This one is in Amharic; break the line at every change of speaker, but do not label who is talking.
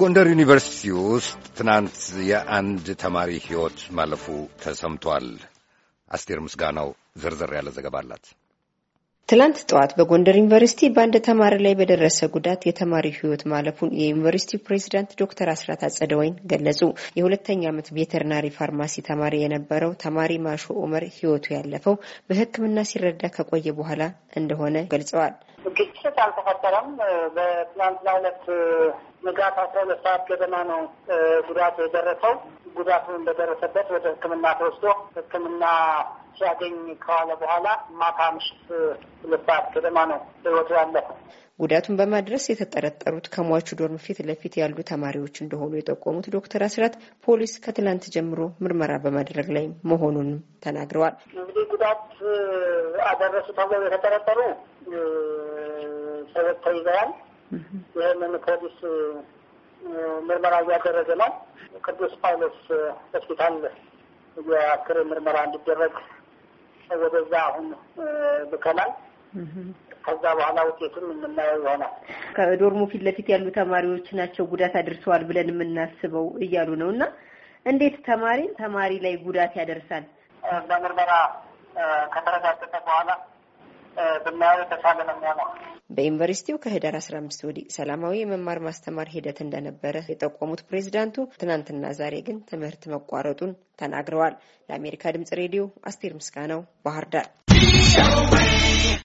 ጎንደር ዩኒቨርሲቲ ውስጥ ትናንት የአንድ ተማሪ ሕይወት ማለፉ ተሰምቷል። አስቴር ምስጋናው ዝርዝር ያለ ዘገባ አላት።
ትላንት ጠዋት በጎንደር ዩኒቨርሲቲ በአንድ ተማሪ ላይ በደረሰ ጉዳት የተማሪ ሕይወት ማለፉን የዩኒቨርሲቲ ፕሬዚዳንት ዶክተር አስራት አጸደወይን ገለጹ። የሁለተኛ ዓመት ቬተርናሪ ፋርማሲ ተማሪ የነበረው ተማሪ ማሾ ኦመር ሕይወቱ ያለፈው በሕክምና ሲረዳ ከቆየ በኋላ እንደሆነ ገልጸዋል። ግጭት አልተፈጠረም።
በትናንትና ሁለት ንጋት አስራ ሁለት ሰዓት ገደማ ነው ጉዳቱ የደረሰው። ጉዳቱ እንደደረሰበት ወደ ሕክምና ተወስዶ ሕክምና ሲያገኝ ከዋለ በኋላ ማታ ምሽት ሁለት ሰዓት ገደማ ነው ህይወቱ ያለፈው።
ጉዳቱን በማድረስ የተጠረጠሩት ከሟቹ ዶርም ፊት ለፊት ያሉ ተማሪዎች እንደሆኑ የጠቆሙት ዶክተር አስራት ፖሊስ ከትላንት ጀምሮ ምርመራ በማድረግ ላይ መሆኑንም ተናግረዋል።
እንግዲህ ጉዳት አደረሱ ተብለው የተጠረጠሩ ሰዎች ተይዘዋል። ይህንን ፖሊስ ምርመራ እያደረገ ነው። ቅዱስ ጳውሎስ ሆስፒታል የአስክሬ ምርመራ እንዲደረግ ወደዛ አሁን ልከናል። ከዛ በኋላ ውጤቱን የምናየው ይሆናል።
ከዶርሞ ፊት ለፊት ያሉ ተማሪዎች ናቸው ጉዳት አድርሰዋል ብለን የምናስበው እያሉ ነው። እና እንዴት ተማሪ ተማሪ ላይ ጉዳት ያደርሳል?
በምርመራ ከተረጋገጠ በኋላ ብናየው የተሻለ ነው
የሚሆነው። በዩኒቨርሲቲው ከህዳር አስራ አምስት ወዲህ ሰላማዊ የመማር ማስተማር ሂደት እንደነበረ የጠቆሙት ፕሬዚዳንቱ ትናንትና ዛሬ ግን ትምህርት መቋረጡን ተናግረዋል። ለአሜሪካ ድምጽ ሬዲዮ አስቴር ምስጋናው ባህር ዳር